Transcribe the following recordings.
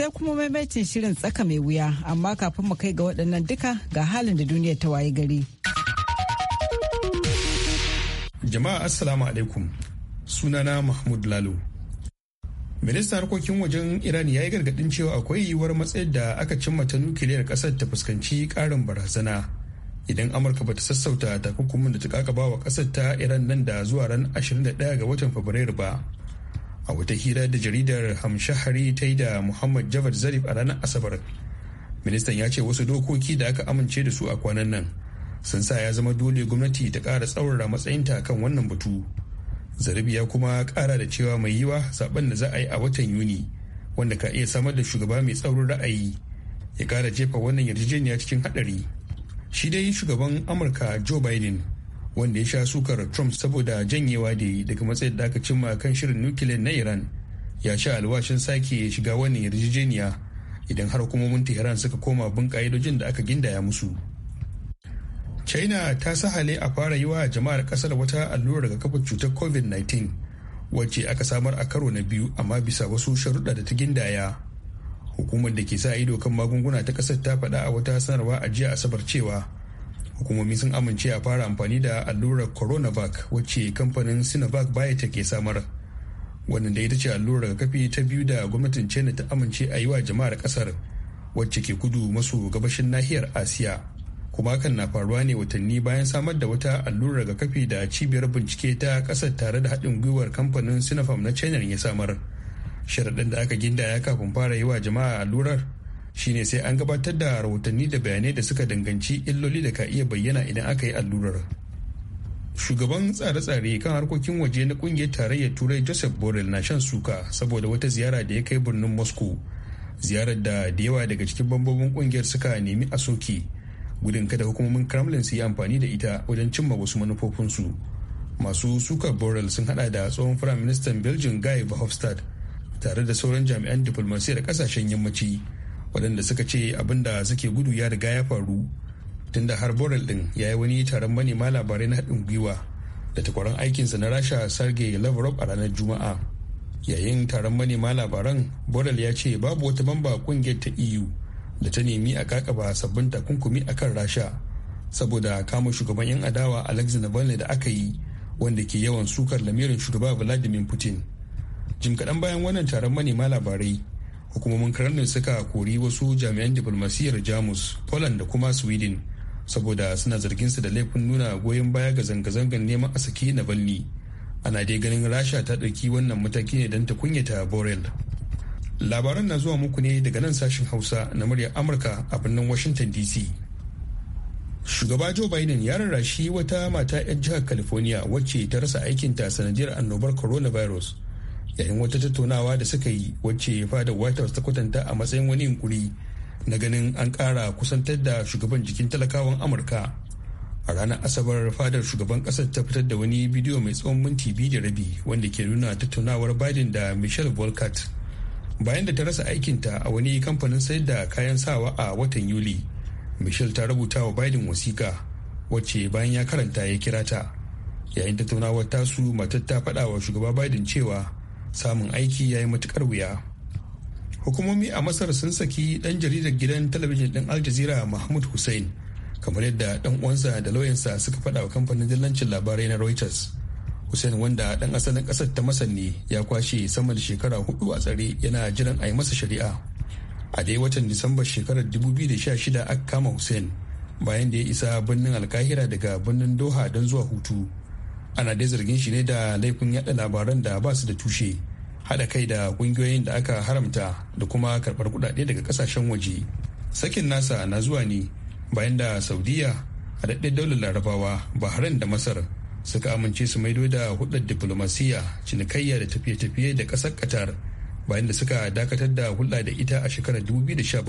sai kuma maimaitin shirin tsaka mai wuya amma kafin mu kai ga waɗannan duka ga halin da duniya ta waye gari. Jama'a Assalamu alaikum sunana Mahmud Lalo. Ministan harkokin wajen Iran ya yi gargaɗin cewa akwai yiwuwar matsayar da aka cimma ta nukiliyar ƙasar ta fuskanci ƙarin barazana idan Amurka bata sassauta takunkumin da ta kakaba wa ƙasar ta Iran nan da zuwa ran 21 ga watan Fabrairu ba. a wata hira da jaridar hamshahari ta yi da muhammad javad zarif a ranar asabar ministan ya ce wasu dokoki da aka amince da su a kwanan nan sun sa ya zama dole gwamnati ta ƙara tsaurara matsayinta kan wannan batu zarif ya kuma ƙara da cewa mai yiwa zaben da za a yi a watan yuni wanda ka iya samar da shugaba mai tsaurin ra'ayi ya ƙara jefa wannan yarjejeniya cikin haɗari shi dai shugaban amurka joe biden wanda ya sha sukar trump saboda janyewa da yi daga matsayin da aka cimma kan shirin nukiliyar na iran ya sha alwashin sake shiga wani yarjejeniya idan har hukumomin tehran suka koma bin ka'idojin da aka gindaya musu china ta sahale a fara yi wa jama'ar kasar wata allurar daga kafin cutar covid-19 wacce aka samar a karo na biyu amma bisa wasu sharuɗa da ta gindaya hukumar da ke sa ido kan magunguna ta kasar ta faɗa a wata sanarwa a jiya asabar cewa hukumomi sun amince a fara amfani da allurar coronavac wacce kamfanin sinovac biotech ke samar wannan da ita ce allurar kafi ta biyu da gwamnatin china ta amince a yi wa jama'ar kasar wacce ke kudu maso gabashin nahiyar asiya kuma hakan na faruwa ne watanni bayan samar da wata allurar rigakafi da cibiyar bincike ta kasar tare da haɗin gwiwar kamfanin sinopharm na china ya samar sharaɗin da aka gindaya kafin fara yi wa jama'a allurar shine sai an gabatar da rahotanni da bayanai da suka danganci illoli da ka iya bayyana idan aka yi allurar shugaban tsare-tsare kan harkokin waje na kungiyar tarayyar turai joseph borrell na shan suka saboda wata ziyara da ya kai birnin moscow ziyarar da da yawa daga cikin bambobin kungiyar suka nemi a soke gudun kada hukumomin kremlin su yi amfani da ita wajen cimma wasu manufofinsu masu suka borrell sun hada da tsohon firaministan belgium guy verhofstadt tare da sauran jami'an diplomasiyyar kasashen yammaci waɗanda suka ce abin da suke gudu ya riga ya faru tunda har borel ɗin ya yi wani taron manema labarai na haɗin gwiwa da takwaran aikinsa na rasha sarge lavrov a ranar juma'a yayin taron manema labaran borel ya ce babu wata mamba kungiyar ta eu da ta nemi a kakaba sabbin takunkumi a kan rasha saboda kama shugaban 'yan adawa alexei navalny da aka yi wanda ke yawan sukar lamirin shugaba vladimir putin jim kaɗan bayan wannan taron manema labarai hukumomin kremlin suka kori wasu jami'an diplomasiyyar jamus poland da kuma sweden saboda suna zargin da laifin nuna goyon baya ga zanga-zangar neman a saki navalny ana dai ganin rasha ta ɗauki wannan mataki ne don ta kunyata borel labaran na zuwa muku ne daga nan sashen hausa na muryar amurka a birnin washington dc shugaba joe biden ya rarrashi wata mata 'yan jihar california wacce ta rasa aikinta sanadiyar annobar coronavirus yayin wata tattaunawa da suka yi wacce fadar white house ta kwatanta a matsayin wani yunkuri na ganin an ƙara kusantar da shugaban jikin talakawan amurka a ranar asabar fadar shugaban ƙasar ta fitar da wani bidiyo mai tsawon minti biyu da rabi wanda ke nuna tattaunawar biden da michelle volkart bayan da ta rasa aikinta a wani kamfanin sayar da kayan sawa a watan yuli michelle ta rubuta wa biden wasiƙa wacce bayan ya karanta ya kira ta yayin tattaunawar tasu matar ta faɗa wa shugaba biden cewa samun aiki ya yi matukar wuya hukumomi a masar sun saki dan jaridar gidan talabijin ɗin al jazeera mahmud hussein kamar yadda ɗan uwansa da lauyansa suka faɗa wa kamfanin dillancin labarai na reuters hussein wanda ɗan asalin kasar ta masar ne ya kwashe sama da shekara hudu a tsare yana jiran a yi masa shari'a a dai watan disambar shekarar 2016 aka kama hussein bayan da ya isa birnin alkahira daga birnin doha don zuwa hutu ana dai zargin shi ne da laifin yada labaran da ba su da tushe hada kai da kungiyoyin da aka haramta da kuma karbar kudade daga kasashen waje sakin nasa na zuwa ne bayan da saudiya haɗaɗɗen daular larabawa bahrain da masar suka amince su maido da hulɗar diplomasiya cinikayya da tafiye-tafiye da ƙasar qatar bayan da suka dakatar da hulɗa da ita a shekarar 2017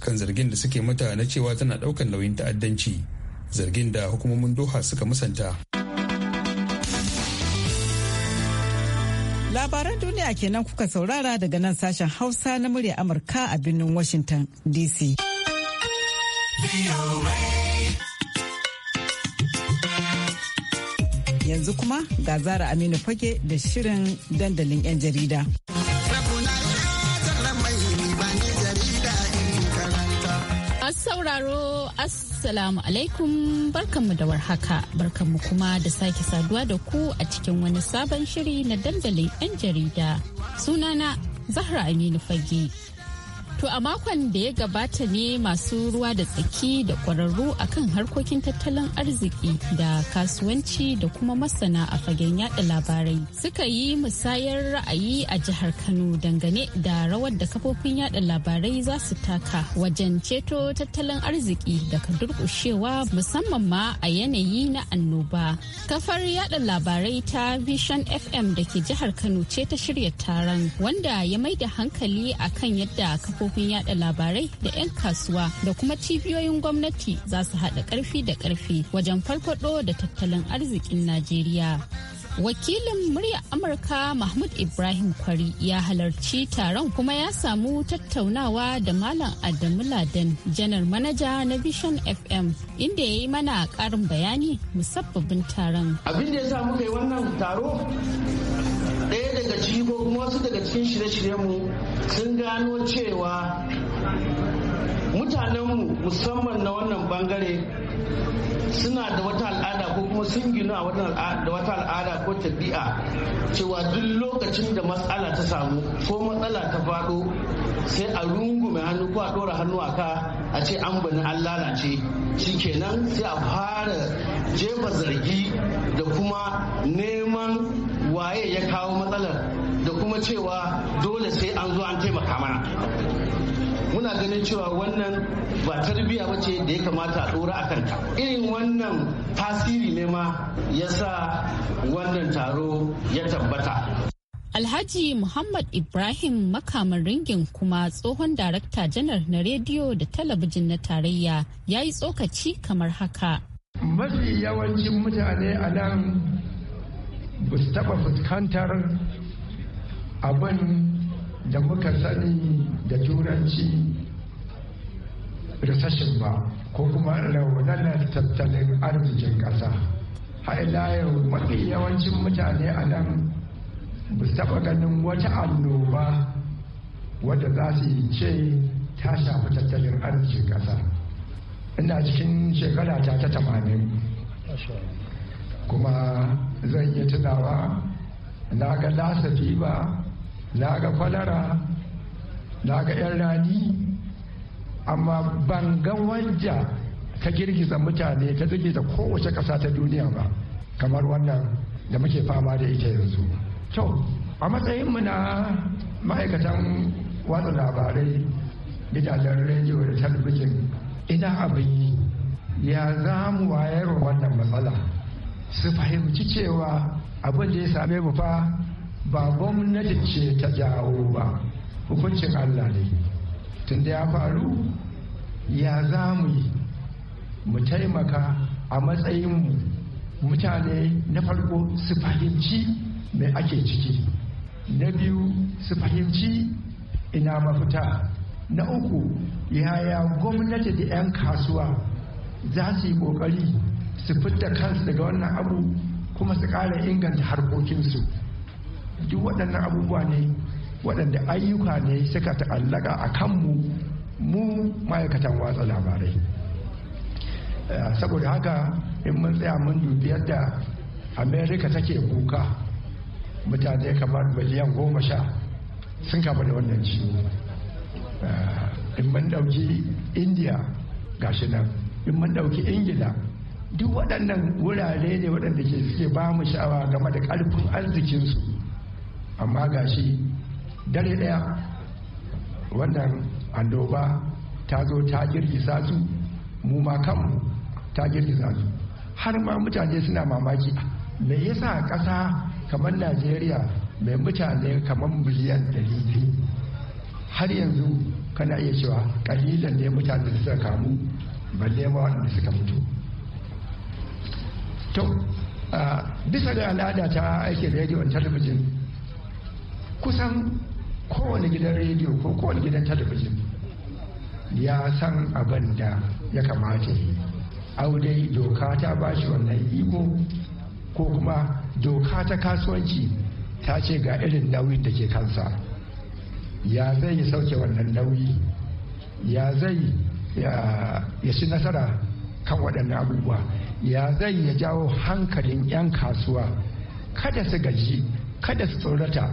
kan zargin da suke mata na cewa tana ɗaukar nauyin ta'addanci zargin da hukumomin doha suka musanta. Labaran duniya kenan kuka saurara daga nan sashen Hausa na murya Amurka a birnin Washington DC. Yanzu kuma ga Zara Aminu Fage da shirin dandalin 'yan jarida. Assalamu alaikum barkanmu da warhaka barkanmu kuma da sake saduwa da ku a cikin wani sabon shiri na dandalin 'yan jarida. Sunana Zahra Aminu Fage. To a makon da ya gabata ne masu ruwa da tsaki da ƙwararru akan harkokin tattalin arziki da kasuwanci da kuma masana a fagen yada labarai suka yi musayar ra'ayi a jihar Kano dangane da rawar da kafofin yada labarai za su taka wajen ceto tattalin arziki daga durkushewa musamman ma a yanayi na annoba. Kafar yada labarai ta Vision FM da ke jihar Kano ce ta shirya taron wanda ya mai da hankali akan yadda kafofin kafofin yada labarai da 'yan kasuwa da kuma cibiyoyin gwamnati za su haɗa ƙarfi da ƙarfi wajen farfaɗo da tattalin arzikin Najeriya. wakilin murya amurka mahmud ibrahim kwari ya halarci taron kuma ya samu tattaunawa da malam adamu laden janar manaja na vision fm inda ya yi mana karin bayani musabbabin taron abin da ya sa kai wannan taro ɗaya daga ciki ko kuma wasu daga cikin shirye-shiryenmu sun gano cewa mutanenmu musamman na wannan bangare suna da wata al'ada ko kuma sun gina da wata al'ada ko tabi'a cewa duk lokacin da matsala ta samu ko matsala ta faɗo sai a rungume hannu ko a ɗora hannu a ka a ce an bani an lalace shikenan sai a fara jefa zargi da kuma neman waye ya kawo matsalar da kuma cewa dole sai an zo an taimaka mana muna ganin cewa wannan ba tarbiyya ba ce da ya kamata a ɗora a kanta irin wannan tasiri ne ma ya sa wannan taro ya tabbata Alhaji Muhammad Ibrahim makamin ringin kuma tsohon darakta janar na rediyo da talabijin na tarayya ya yi tsokaci kamar haka. Mafi yawancin mutane a nan ba su taɓa fuskantar abin da muka sani da turanci recession ba ko kuma raunanar tattalin arzikin ƙasa ila yau mafi yawancin mutane a nan ba taɓa ganin wata annoba wadda za su yi ce ta shafi tattalin arzikin ƙasa ina cikin shekara ta ta tamanin kuma zan yi tunawa na ga lasafi ba na ga kwalara na ga 'yan rani amma ban ga wanda ta girgiza mutane ta girgiza kowace ƙasa ta duniya ba kamar wannan da muke fama da ita yanzu to a matsayinmu na ma'aikatan watsa labarai gidajen rediyo da talabijin ina abin yi ya za mu wayarwa wannan matsala su fahimci cewa abin da ya same mu fa ba gwamnati ce ta jawo ba hukuncin allah ne tunda ya faru ya za mu yi mu taimaka a matsayin mutane na farko su fahimci mai ake ciki na biyu su fahimci ina mafita na uku yaya gwamnati da 'yan kasuwa za su yi kokari su fitta kansu daga wannan abu kuma su ƙara inganta harkokinsu duk waɗannan abubuwa ne waɗanda ayyuka ne suka ta'allaka a kanmu mu ma'aikatan watsa labarai eh, saboda haka in mun tsaya mun dubi yadda america take kuka mutane kamar miliyan goma sha sun kama da wannan ciwo eh, in mun ɗauki india gashi nan in mun ɗauki ingila duk waɗannan wurare ne waɗanda ke suke ba mu sha'awa game da ƙarfin arzikinsu amma ga shi dare daya wannan andoba ta zo ta girgiza su mu ma kanmu ta girgiza su har ma mutane suna mamaki me yasa kasa kamar najeriya mai mutane kamar miliyan dalili har yanzu kana iya cewa kalilan ne mutane da suka kamu balle ma waɗanda suka mutu to bisa ga al'ada ta da rediyon talabijin kusan kowane gidan rediyo ko kowane gidan talabijin ya san abin da ya kamata yi dai doka ta ba shi wannan iko ko kuma doka ta kasuwanci ta ce ga irin nauyin da ke kansa ya zai ya sauke wannan nauyi ya zai ya ci nasara kan waɗannan abubuwa ya zai ya jawo hankalin 'yan kasuwa kada su gaji kada su tsorata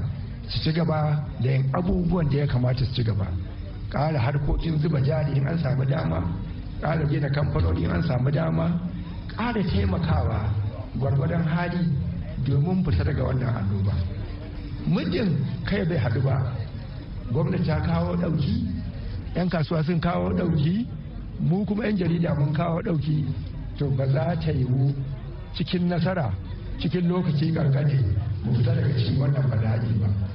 su ci gaba da yin abubuwan da ya kamata su ci gaba ƙara harkokin zuba jari in an samu dama ƙara gina kamfanoni in an samu dama ƙara taimakawa gwargwadon hali domin fita daga wannan ba. muddin kai bai haɗu ba gwamnati ta kawo ɗauki 'yan kasuwa sun kawo ɗauki mu kuma 'yan jarida mun kawo ɗauki to ba za ta yiwu cikin nasara cikin lokaci gargaɗe mu fita daga cikin wannan bala'i ba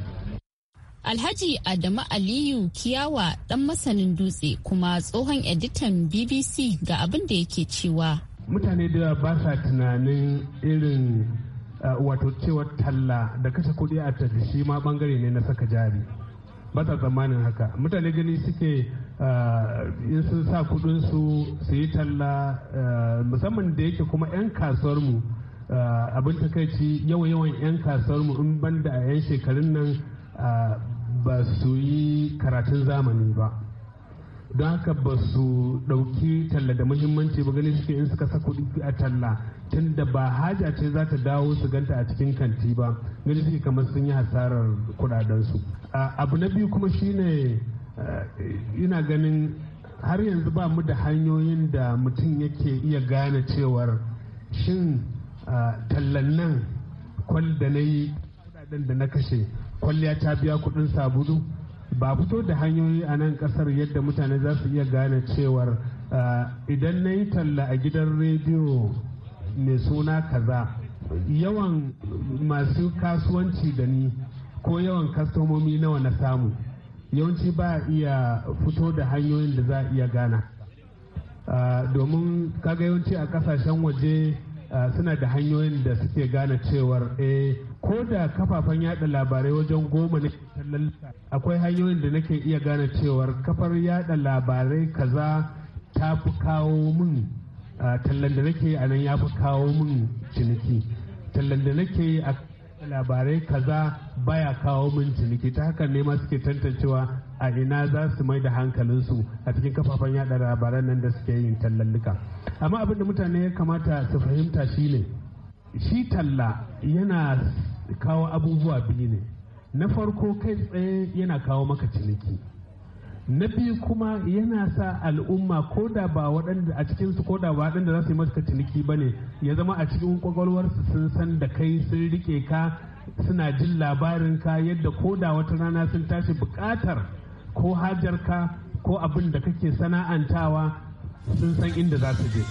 Alhaji Adamu Aliyu Kiyawa ɗan masanin dutse kuma tsohon editan BBC ga abin da yake cewa. Mutane da ba sa tunanin irin uh, wato cewar talla da kashe kuɗi a tafi shi ma bangare ne na saka jari. Ba sa tsammanin haka. Mutane gani suke uh, in sun sa kuɗinsu su yi talla uh, musamman da yake kuma 'yan kasuwar mu abin takaici yawan yawan 'yan kasuwar mu in banda a 'yan shekarun nan ba su yi karatun zamani ba don haka ba su ɗauki talla da muhimmanci ba gani suke in suka sa kuɗi a talla tun da ba haja ce za ta dawo su ganta a cikin kanti ba gani suke kamar sun yi hasarar kuɗaɗensu abu na biyu kuma shine eh, ina ganin har yanzu ba mu da hanyoyin da mutum yake iya gane cewar shin ah, tallan nan kwal da na yi da na kashe kwalliya ta biya kuɗin sabulu ba fito da hanyoyi a nan ƙasar yadda mutane za su iya gane cewar idan na yi talla a gidan rediyo mai suna kaza yawan masu kasuwanci da ni ko yawan kastomomi nawa na samu yawanci ba iya fito da hanyoyin da za a iya gana domin kaga yawanci a kasashen waje suna da hanyoyin da suke gane cewar eh ko da kafafen yada labarai wajen goma na tallan akwai hanyoyin da nake iya gane cewar kafar yada labarai kaza ta fi kawo min tallan da nake a nan ya fi kawo min ciniki tallan da nake a labarai kaza baya kawo min ciniki ta haka ne masu ke tantancewa a ina za su mai da hankalinsu a cikin kafafen yada labaran nan da suke yin tallalluka amma abin da mutane ya kamata su fahimta shine shi talla yana kawo abubuwa biyu ne na farko kai tsaye yana kawo maka ciniki na biyu kuma yana sa al'umma ko da ba waɗanda a cikinsu ko da ba waɗanda za su yi maka ciniki ba ne ya zama a cikin kwakwalwarsu sun san da kai sun rike ka suna jin labarin ka yadda ko da wata rana sun tashi buƙatar ko hajar ka ko abin da kake sana'antawa sun san inda za su je.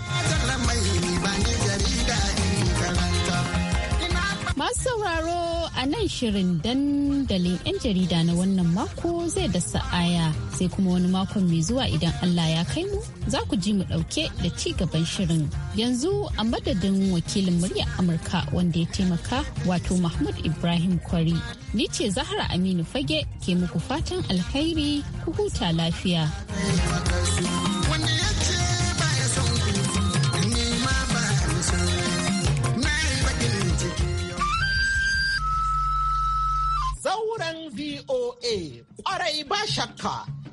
Masu sauraro a nan shirin dandalin 'yan jarida na wannan mako zai da sa'aya sai kuma wani makon mai zuwa idan Allah ya kai mu za ku ji mu ɗauke da ci gaban shirin. Yanzu a madadin wakilin murya Amurka wanda ya taimaka wato Mahmud Ibrahim Kwari. Ni ce Zahra Aminu Fage ke muku fatan alkhairi ku huta lafiya. shakka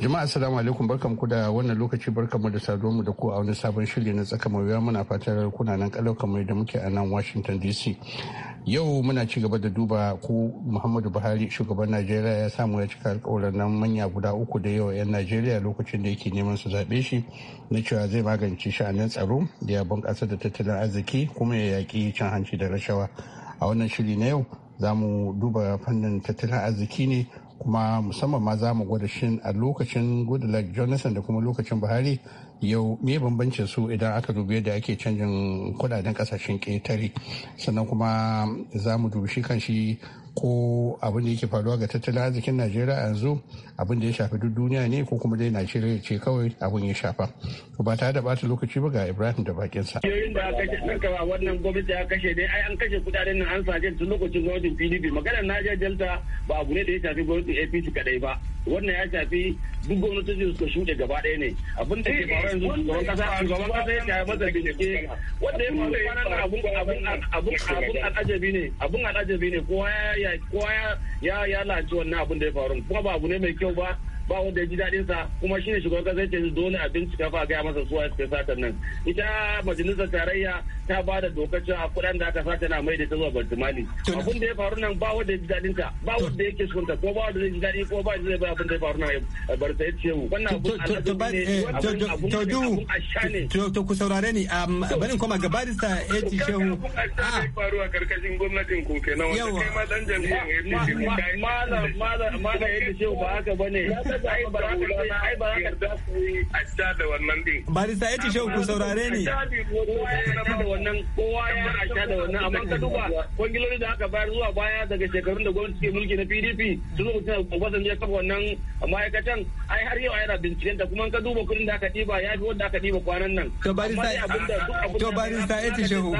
Jama'a assalamu alaikum barkam ku da wannan lokaci barkamu da saduwa mu da ku a wani sabon shiri na tsaka mai wuya muna fatar kuna nan kalau kamar da muke a nan Washington DC. Yau muna ci gaba da duba ko Muhammadu Buhari shugaban Najeriya ya samu ya cika alƙawarin nan manya guda uku da yawa 'yan Najeriya lokacin da yake neman su zaɓe shi na cewa zai magance sha'anin tsaro da ya bunkasa da tattalin arziki kuma ya yaƙi cin hanci da rashawa. A wannan shiri na yau za mu duba fannin tattalin arziki ne kuma musamman ma za mu gwada shin a lokacin goodluck jonathan da kuma lokacin buhari yau me bambancin su idan aka dubi yadda ake canjin kudaden kasashen ƙetare sannan kuma za mu dubi shi kan shi ko abin da yake faruwa ga tattalin arzikin najeriya yanzu abin da ya shafi duk duniya ne ko kuma dai najeriya ce kawai abin ya shafa to ba tare da bata lokaci ba ga ibrahim da bakin sa yoyin da aka kashe nan wannan gwamnati ya kashe dai ai an kashe kudaden nan an sace tun lokacin gwamnatin pdp maganar Najeriya delta ba abu ne da ya shafi gwamnatin apc kadai ba wannan ya shafi duk gwamnati da suka shuɗe gaba ɗaya ne abin da ke faruwa yanzu eh, eh, shugaban kasa shugaban kasa ya shafi masa bincike wanda ya faru kwanan nan abun abun abun abun al'ajabi ne abun al'ajabi ne kowa ya kowa ya ya lanci wannan abin da ya faru kuma ba abu ne mai kyau ba ba wanda ya ji daɗin sa kuma shine shugaban kasa ce dole a bincika fa ga masa suwa suka sata nan ita majalisar tarayya ta ba da dokar cewa kuɗin da aka sata na mai da ta zuwa bartimali abin da ya faru nan ba wanda ya ji daɗin ta ba wanda yake son ta ko ba wanda zai ji daɗi ko ba zai ba abin da ya faru nan bar ta yace mu wannan abin eh, to du to to ku saurare ni um, bari in koma ga barista Eti Shehu ah. a faruwa karkashin gwamnatin ku kenan wanda kai ma dan ya ce Shehu malam malam ma Eti Shehu ba haka bane barista ya ce shauku saurare ne kowa ya rasha da wannan amma ka duba kwangilori da aka bayar zuwa baya daga shekarun da gwamnati ke mulki na pdp su zo mutum obasanjo ya kafa wannan ma'aikatan ai har yau yana binciken ta kuma ka duba kudin da aka diba ya fi wanda aka ɗiba kwanan nan to barista ya ce shehu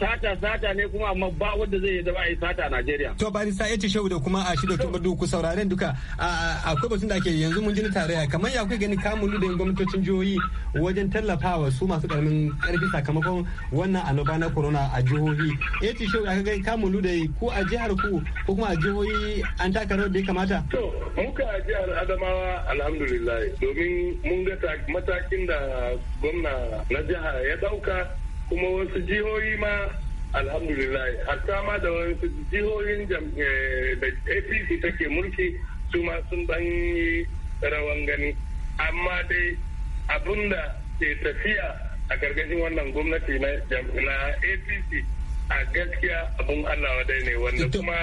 sata sata ne kuma amma ba wanda zai yi ba a yi sata a Najeriya. To sa ya ce shehu da kuma a shi da duku sauraren duka akwai batun da ake yanzu mun ji tarayya kamar ya kai gani kamun da gwamnatocin jihohi wajen tallafawa su masu karamin karfi sakamakon wannan annoba na corona a jihohi. Ya ce shehu ya gani kamun da ko a jihar ku ko kuma a jihohi an taka rawar da ya kamata. To muka a jihar Adamawa alhamdulillah domin mun ga matakin da gwamna na jiha ya dauka kuma wasu jihohi ma alhamdulillah hatta ma da wasu jihohin eh, da apc take mulki su ma sun dan rawan gani amma dai abinda ke tafiya a gargajin wannan gwamnati na apc a gaskiya abun Allah wadai ne wanda kuma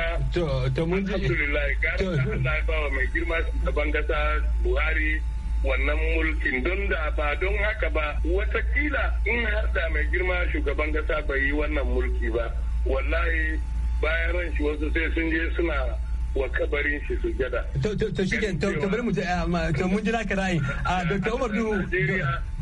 alhamdulillah gara Allah ba wa mai girma shugaban kasa Buhari wannan mulkin don da ba don haka ba watakila in har da mai girma shugaban kasa bai yi wannan mulki ba wallahi bayan ran shi wasu sai sun je suna wa kabarin shi sujada. To shi to bari mu je eh, to mun jira ka ra'ayi. Ah, Dr. Umar Duhu.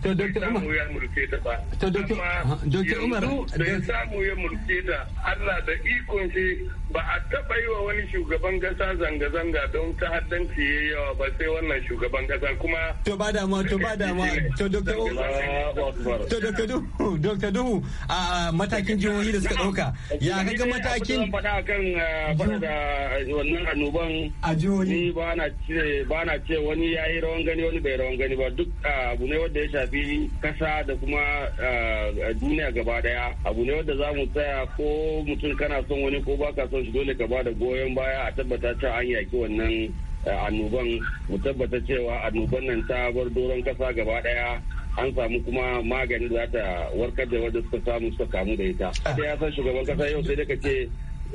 To Dr. Umar. ya mulke ta ba. To Dr. Umar. ya samu ya mulke ta Allah da ikon shi ba a taɓa yi wa wani shugaban ƙasa zanga-zanga don ta haddan ya yawa ba sai wannan shugaban ƙasa kuma. To ba dama to ba dama to Dr. To Dr. Duhu a matakin jihohi da suka ɗauka ya kaga matakin. Ina faɗa kan faɗa da wannan annoban. A jihohi. Ba na ce ba na ce wani ya yi rawan gani wani bai rawan gani ba duk abu ne wanda ya shafi kasa da kuma duniya gaba daya abu ne wanda za mu tsaya ko mutum kana son wani ko ba ka son dukkan su dole ka ba da goyon baya a tabbata ta an yaki wannan eh, annoban mu tabbata cewa annoban nan ta bar doron kasa gaba daya an samu kuma magani za ta warkar da wanda suka samu suka kamu da ita sai ya san shugaban kasa yau sai da ka ce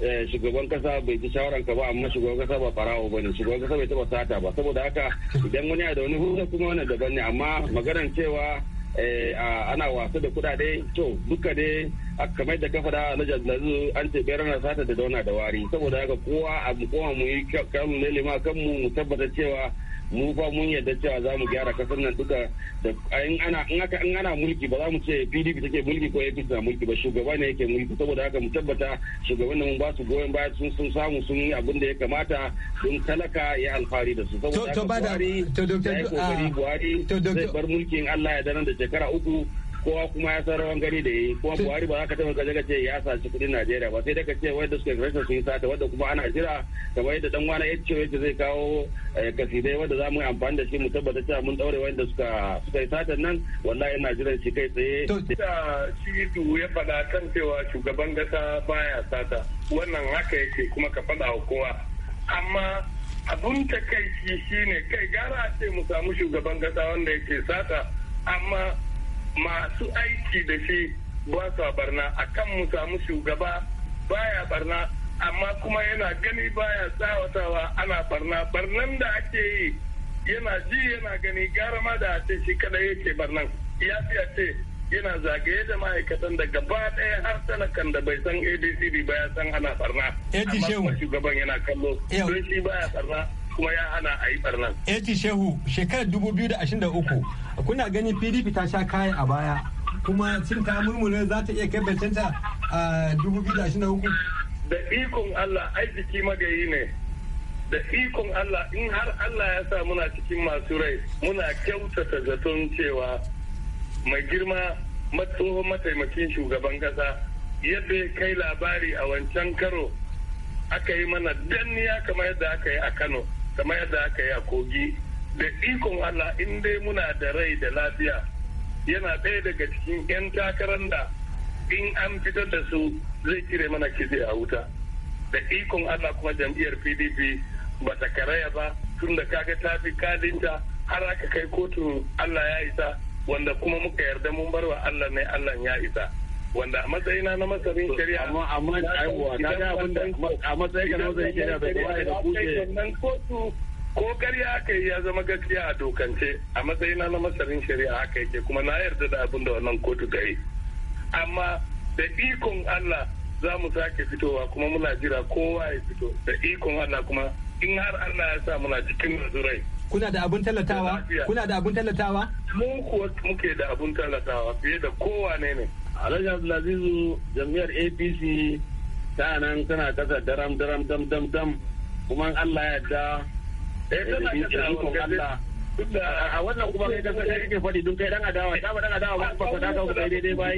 eh, shugaban kasa bai ji shawaran ka ba amma shugaban kasa ba farawo bane shugaban kasa bai taba sata ba saboda haka idan wani da wani hujja kuma wani daban ne amma maganar cewa Eh, ana wasu da kudade to duka dai kamar da kafa da na jannazu an ce bayar na sata da dauna da wari saboda haka kowa a kowa mu yi kan ne ma kanmu mu tabbata cewa mu fa mun yarda cewa za mu gyara kasar nan duka da in ana in aka in ana mulki ba za mu ce PDP take mulki ko APC na mulki ba shugaba ne yake mulki saboda haka mu tabbata shugaban nan ba su goyon baya sun sun samu sun yi abin da ya kamata sun talaka ya alfahari da su saboda haka Buhari to ah, Buhari zai bar mulkin Allah ya dana da shekara uku kowa kuma ya san rawan gani da yi kuma buhari ba za ka taɓa ka ka ce ya saci kuɗin najeriya ba sai da ka ce wanda suka rashin sun sata wanda kuma ana jira kamar yadda dan wani ya ce zai kawo eh, kasidai wanda za mu yi amfani da shi mu tabbata cewa mun ɗaure wanda suka suka yi satan nan wallahi ina jiran shi kai tsaye. da shi ya faɗa kan cewa shugaban gasa baya sata wannan haka yake kuma ka faɗa wa kowa amma abun ta takaici shine kai gara a ce mu samu shugaban gasa wanda yake sata amma masu aiki da shi ba sa barna a kan mu samu shugaba baya barna amma kuma yana gani baya tsawatawa ana barna barnan da ake yi yana ji yana gani gara ma da ce shi kada yake barnan ya fiya ce yana zagaye da ma'aikatan da gaba ɗaya har talakan da bai san adcd ba ya san ana barna eh, amma kuma shugaban yana kallo eh. don shi baya barna kuma ya hana a yi barnan. Eti eh, Shehu shekarar 2023 kuna ganin pdp ta sha kayan a baya kuma cin ta murmure za ta iya kai baccinta a 2023 da ikon allah arziki magayi ne da ikon allah in har allah ya sa muna cikin masu rai muna kyautata zaton cewa mai girma matsohon mataimakin shugaban kasa yadda ya kai labari a wancan karo aka yi mana danniya kama yadda aka yi a kano kamar yadda aka yi a kogi da ikon Allah in dai muna da rai da lafiya yana ɗaya daga cikin 'yan takarar da in an fitar da su zai kire mana kizi a wuta da ikon Allah kuma jam'iyyar PDP ba ta karaya ba tun da kaga ta fi kadinta har aka kai kotun Allah ya isa wanda kuma muka yarda mun bar wa Allah ne Allah ya isa wanda a matsayina na masarin shari'a amma amma aiwa na ga abin da a matsayin ka na masarin shari'a bai da ka ko karya aka yi ya zama gaskiya a dokance a matsayina na masarin shari'a haka yake kuma na yarda da abin da wannan kotu ta yi amma da ikon allah za mu sake fitowa kuma muna jira kowa ya fito da ikon allah kuma in har allah ya sa muna cikin nazurai kuna da abun tallatawa kuna da abun tallatawa mu kuwa muke da abun tallatawa fiye da kowa ne ne alhaji abdulazizu jami'ar apc ta nan tana kasa daram daram dam dam dam kuma allah ya yarda Eh, eh, a wannan kuma kai kasa kai kake faɗi dun kai dan adawa ta ba dan adawa ba ba ka dawo kai daidai bai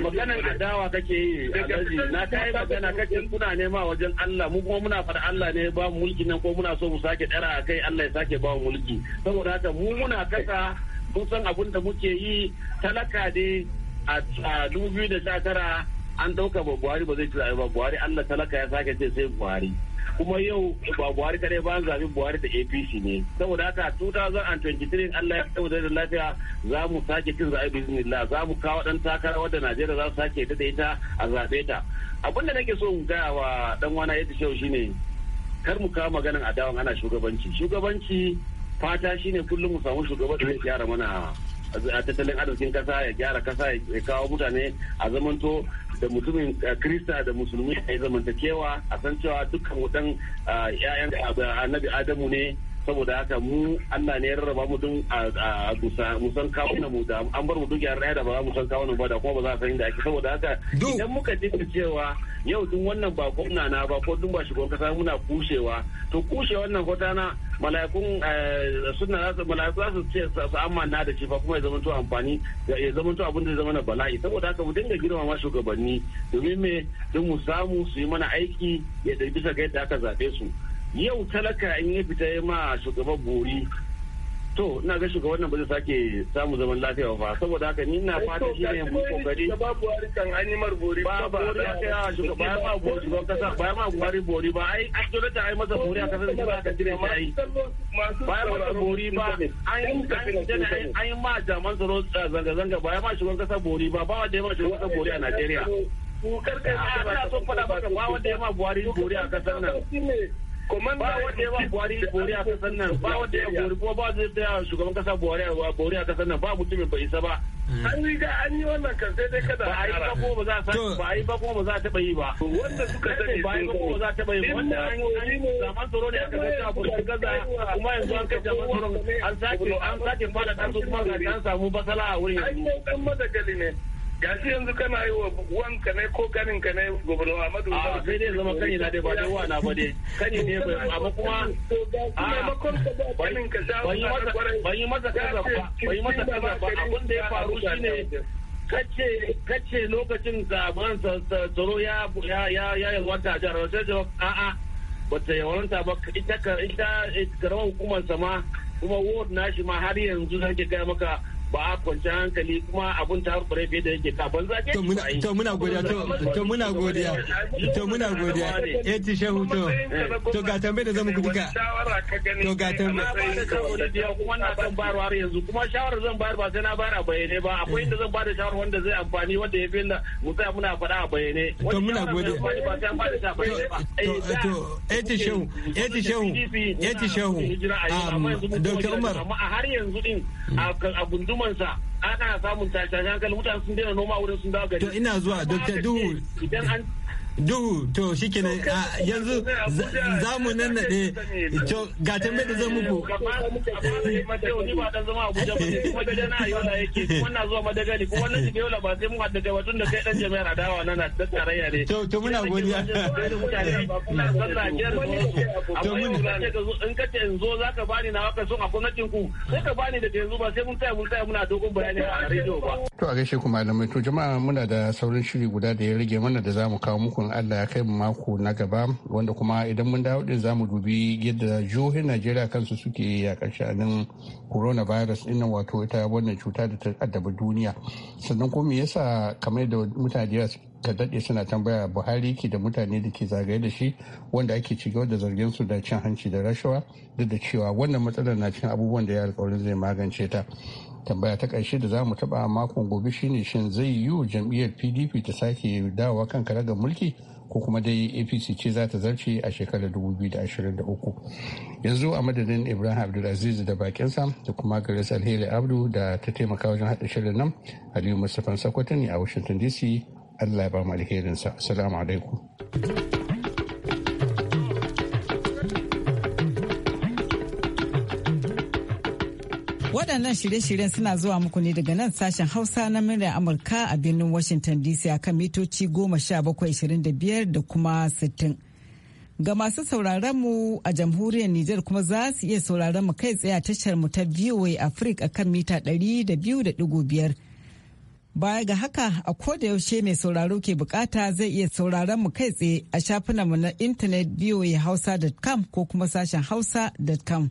maganan adawa kake yi eh, na kai magana kace kuna nema wajen Allah mu kuma muna fara Allah ne ba mu mulki nan ko muna so mu sake dara kai Allah ya sake ba mu mulki saboda haka mu muna kasa mun san abin da muke yi talaka dai a dubu da 2019 an ɗauka ba Buhari ba zai ci ba Buhari Allah talaka ya sake ce sai Buhari kuma yau ba buhari kadai ba zabi buhari da apc ne saboda haka 2023 allah ya saboda da lafiya za mu sake cin zaɓe bismillah za mu kawo ɗan takara wadda najeriya za su sake da ita a zaɓe ta abin da nake so in gaya wa ɗan wana yadda shau shine kar mu kawo maganin adawan ana shugabanci shugabanci fata shine kullum mu samu shugaban da zai mana a tattalin arzikin kasa ya gyara kasa ya kawo mutane a zamanto da mutumin eh, krista da musulmi a zamantakewa a san cewa dukkan wutan eh, 'ya'yan eh, annabi adamu ne saboda haka mu Allah ne ya rarraba mu dun a musan kawo mu da an bar mu duk yaran da ba za mu san kawunan ba da kuma ba za a san inda ake saboda haka idan muka ji cewa yau dun wannan ba gwamna na ba ko dun ba shugaban kasa muna kushewa to kushe wannan kwatana mala'ikun eh, suna mala'iku za su ce su amanna da shi fa kuma ya zama to amfani ya zama to abin da zama na bala'i saboda haka mu dinga girma ma shugabanni domin me don mu samu su yi mana aiki ya bisa ga yadda aka zaɓe su yau talaka in ya fita ya ma shugaban bori to ina ga shugaban nan ba zai sake samu zaman lafiya ba saboda haka ni ina fata shi ne mu kokari ba buhari kan an yi marbori ba ba ya shugaban ba buhari ba kasa ba ma buhari bori ba ai a dole ta ai masa bori a kasa ba ka dire shi ai ba ya masa bori ba an an yi ma jaman tsaro eh, zanga zanga ba ya ma shugaban kasa bori ba ba wanda ya ma shugaban kasa bori a Najeriya kukar kai ah, ba ta so fada ba ba wanda ya ma buhari bori a kasar nan komanda wanda ya ba buhari bori a kasar nan ba wanda ya bori kuma ba zai taya shugaban kasa buhari a bori a kasar nan ba mutumin bai isa ba hmm. an yi ga an yi wannan kan sai dai kada a yi ba kuma ba za a ba a yi ba kuma ba za a taba yi ba wanda suka sani ba yi ba kuma ba za a taba yi wanda an yi zaman tsaro ne aka zai abu da gaza kuma yanzu an kai zaman tsaron an sake an sake fada dan kuma ga an samu basala a wurin yanzu an yi dan madagali ne ya ce yanzu kana yi wa wanka ne ko kanin ka ne gwamnan Ahmadu Umar sai dai zama kani na dai ba dai na ba dai kani ne bai amma kuma ban yi masa kaza ba ban yi masa kaza ba abin da ya faru shine kace kace lokacin da man tsaro ya ya ya ya wata a jihar sai jawab a'a bata yawanta ba ita ka ita karamar hukumar sama kuma ward shi ma har yanzu zan ke gaya maka ba kwanci hankali kuma abun ta hakure fiye da yake kafin zage to muna to muna godiya to muna godiya to muna godiya eh ti shehu to to ga tambe da zamu kuduka to ga tambaye kuma na san bayarwa har yanzu kuma shawara zan bayar ba sai na bayar a bayyane ba akwai inda zan bada shawara wanda zai amfani wanda ya fi da mutaya muna faɗa a bayyane to muna godiya to eh ti eh, shehu eh ti shehu eh ti shehu Dr. Um, Umar amma har yanzu din a gundu al'ummansa ana samun tashin hankali mutane sun daina noma wurin sun dawo gari. To ina zuwa Dr. Duhu. Idan an duhu to shi kenan yanzu za mu nan naɗe to ga mai da zan muku to to muna godiya to muna in ka ce in zo za ka bani na waka a gwamnatin ku sai ka bani da yanzu ba sai mun tsaya mun tsaya muna dogon bayani a rediyo ba to a gaishe ku malamai to jama'a muna da saurin shiri guda da ya rage mana da za mu kawo muku in allah ya kai mu mako na gaba wanda kuma idan mun dawo din zamu dubi yadda jihohin najeriya kansu suke ya yakar shanin coronavirus din nan wato ita wannan cuta da ta addaba duniya sannan kuma me yasa kamar da mutane ka daɗe suna tambaya buhari ke da mutane da ke zagaye da shi wanda ake ci gaba da zargin su da cin hanci da rashawa duk da cewa wannan matsalar na cin abubuwan da ya alƙawarin zai magance ta tambaya ta ƙarshe da za mu taɓa makon gobe shine shin zai yiwu jam'iyyar pdp ta sake dawowa kan karagar mulki ko kuma dai apc ce za ta zarce a shekarar 2023 yanzu a madadin ibrahim abdulaziz da bakin sa da kuma garis alheri abdu da ta taimaka wajen haɗa shirin nan aliyu mustapha sakwatani ne a washington dc allah ya ba mu alherinsa assalamu alaikum Waɗannan shirye-shiryen suna zuwa muku ne daga nan sashen Hausa na murya Amurka a birnin Washington DC a kan mitoci 1725 da kuma 60. Ga masu sauraron mu a jamhuriyar Nijar kuma za su iya sauraron mu kai tsaye a tashar mu ta VOA Africa a kan mita 200.5. Baya ga haka a koda yaushe mai sauraro ke bukata zai iya sauraron mu kai tsaye a shafinanmu na intanet hausa.com ko kuma sashen hausa.com.